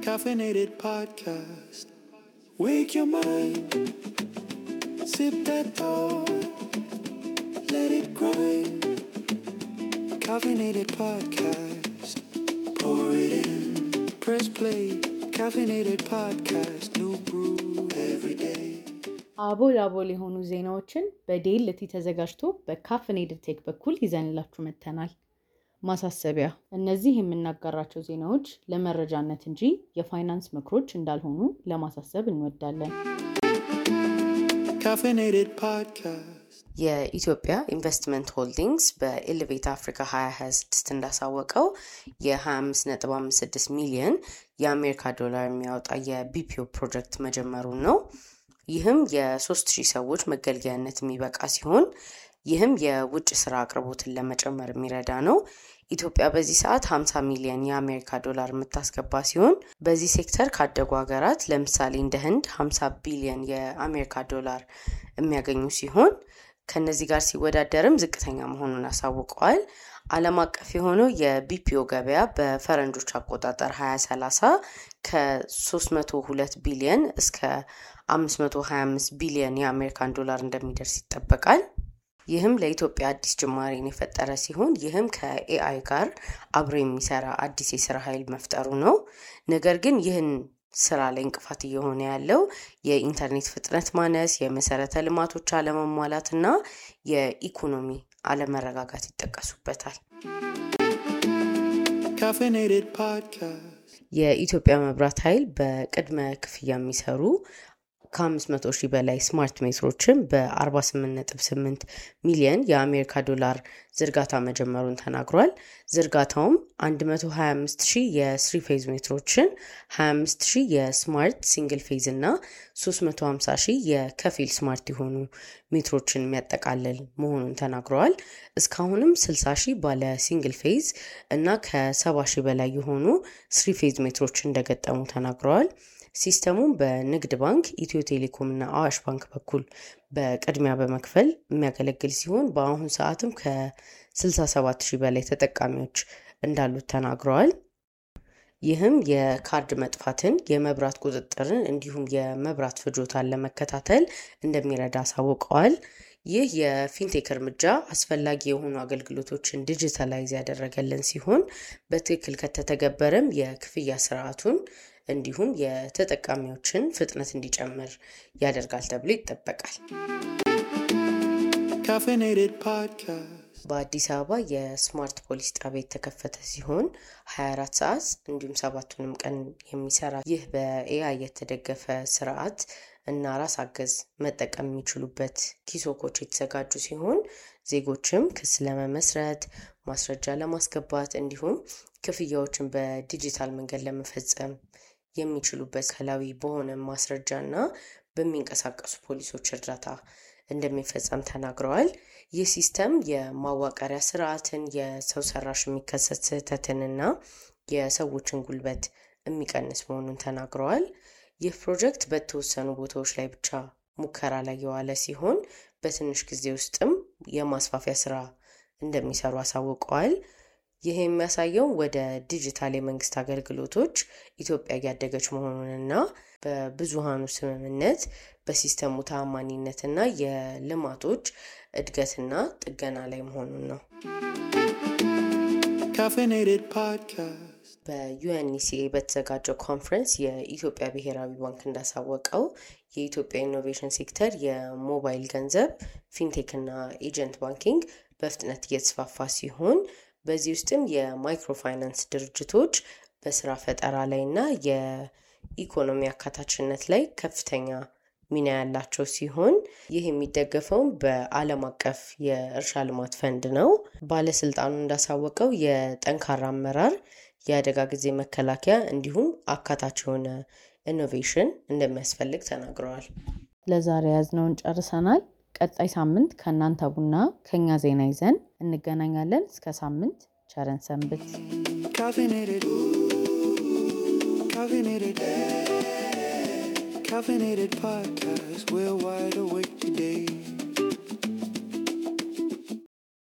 Caffeinated podcast. Wake your mind. Sip that thought. Let it grind. Caffeinated podcast. አቦል አቦል የሆኑ ዜናዎችን በዴልቲ ተዘጋጅቶ በካፍኔትድ ቴክ በኩል ይዘንላችሁ መጥተናል። ማሳሰቢያ፣ እነዚህ የምናጋራቸው ዜናዎች ለመረጃነት እንጂ የፋይናንስ ምክሮች እንዳልሆኑ ለማሳሰብ እንወዳለን። የኢትዮጵያ ኢንቨስትመንት ሆልዲንግስ በኤሌቬት አፍሪካ 2026 እንዳሳወቀው የ25.56 ሚሊዮን የአሜሪካ ዶላር የሚያወጣ የቢፒዮ ፕሮጀክት መጀመሩን ነው። ይህም የ3000 ሰዎች መገልገያነት የሚበቃ ሲሆን ይህም የውጭ ስራ አቅርቦትን ለመጨመር የሚረዳ ነው። ኢትዮጵያ በዚህ ሰዓት 50 ሚሊዮን የአሜሪካ ዶላር የምታስገባ ሲሆን በዚህ ሴክተር ካደጉ ሀገራት ለምሳሌ እንደ ህንድ 50 ቢሊዮን የአሜሪካ ዶላር የሚያገኙ ሲሆን ከእነዚህ ጋር ሲወዳደርም ዝቅተኛ መሆኑን አሳውቀዋል። ዓለም አቀፍ የሆነው የቢፒኦ ገበያ በፈረንጆች አቆጣጠር 2030 ከ302 ቢሊየን እስከ 525 ቢሊየን የአሜሪካን ዶላር እንደሚደርስ ይጠበቃል። ይህም ለኢትዮጵያ አዲስ ጅማሬን የፈጠረ ሲሆን ይህም ከኤአይ ጋር አብሮ የሚሰራ አዲስ የስራ ኃይል መፍጠሩ ነው። ነገር ግን ይህን ስራ ላይ እንቅፋት እየሆነ ያለው የኢንተርኔት ፍጥነት ማነስ፣ የመሰረተ ልማቶች አለመሟላት እና የኢኮኖሚ አለመረጋጋት ይጠቀሱበታል። የኢትዮጵያ መብራት ኃይል በቅድመ ክፍያ የሚሰሩ ከ500 ሺህ በላይ ስማርት ሜትሮችን በ48.8 ሚሊየን የአሜሪካ ዶላር ዝርጋታ መጀመሩን ተናግሯል። ዝርጋታውም 125 ሺህ የስሪ ፌዝ ሜትሮችን፣ 25 ሺህ የስማርት ሲንግል ፌዝ እና 350 ሺህ የከፊል ስማርት የሆኑ ሜትሮችን የሚያጠቃልል መሆኑን ተናግረዋል። እስካሁንም 60 ሺህ ባለ ሲንግል ፌዝ እና ከ70 ሺህ በላይ የሆኑ ስሪ ፌዝ ሜትሮች እንደገጠሙ ተናግረዋል። ሲስተሙም በንግድ ባንክ፣ ኢትዮ ቴሌኮም እና አዋሽ ባንክ በኩል በቅድሚያ በመክፈል የሚያገለግል ሲሆን በአሁኑ ሰዓትም ከ67 ሺህ በላይ ተጠቃሚዎች እንዳሉት ተናግረዋል። ይህም የካርድ መጥፋትን፣ የመብራት ቁጥጥርን እንዲሁም የመብራት ፍጆታን ለመከታተል እንደሚረዳ አሳውቀዋል። ይህ የፊንቴክ እርምጃ አስፈላጊ የሆኑ አገልግሎቶችን ዲጂታላይዝ ያደረገልን ሲሆን በትክክል ከተተገበረም የክፍያ ስርዓቱን እንዲሁም የተጠቃሚዎችን ፍጥነት እንዲጨምር ያደርጋል ተብሎ ይጠበቃል። በአዲስ አበባ የስማርት ፖሊስ ጣቢያ የተከፈተ ሲሆን 24 ሰዓት እንዲሁም ሰባቱንም ቀን የሚሰራ ይህ በኤአ የተደገፈ ስርዓት እና ራስ አገዝ መጠቀም የሚችሉበት ኪሶኮች የተዘጋጁ ሲሆን ዜጎችም ክስ ለመመስረት ማስረጃ ለማስገባት እንዲሁም ክፍያዎችን በዲጂታል መንገድ ለመፈጸም የሚችሉበት ከላዊ በሆነ ማስረጃ እና በሚንቀሳቀሱ ፖሊሶች እርዳታ እንደሚፈጸም ተናግረዋል። ይህ ሲስተም የማዋቀሪያ ስርዓትን፣ የሰው ሰራሽ የሚከሰት ስህተትን የሰዎችን ጉልበት የሚቀንስ መሆኑን ተናግረዋል። ይህ ፕሮጀክት በተወሰኑ ቦታዎች ላይ ብቻ ሙከራ ላይ የዋለ ሲሆን በትንሽ ጊዜ ውስጥም የማስፋፊያ ስራ እንደሚሰሩ አሳውቀዋል። ይሄ የሚያሳየው ወደ ዲጂታል የመንግስት አገልግሎቶች ኢትዮጵያ እያደገች መሆኑንና በብዙሃኑ ስምምነት በሲስተሙ ተአማኒነትና የልማቶች እድገትና ጥገና ላይ መሆኑን ነው። በዩኤንኢሲኤ በተዘጋጀው ኮንፈረንስ የኢትዮጵያ ብሔራዊ ባንክ እንዳሳወቀው የኢትዮጵያ ኢኖቬሽን ሴክተር የሞባይል ገንዘብ፣ ፊንቴክ እና ኤጀንት ባንኪንግ በፍጥነት እየተስፋፋ ሲሆን በዚህ ውስጥም የማይክሮፋይናንስ ድርጅቶች በስራ ፈጠራ ላይ እና የኢኮኖሚ አካታችነት ላይ ከፍተኛ ሚና ያላቸው ሲሆን ይህ የሚደገፈውም በዓለም አቀፍ የእርሻ ልማት ፈንድ ነው። ባለስልጣኑ እንዳሳወቀው የጠንካራ አመራር፣ የአደጋ ጊዜ መከላከያ እንዲሁም አካታች የሆነ ኢኖቬሽን እንደሚያስፈልግ ተናግረዋል። ለዛሬ ያዝነውን ጨርሰናል። ቀጣይ ሳምንት ከእናንተ ቡና ከኛ ዜና ይዘን እንገናኛለን። እስከ ሳምንት ቸረን ሰንብት።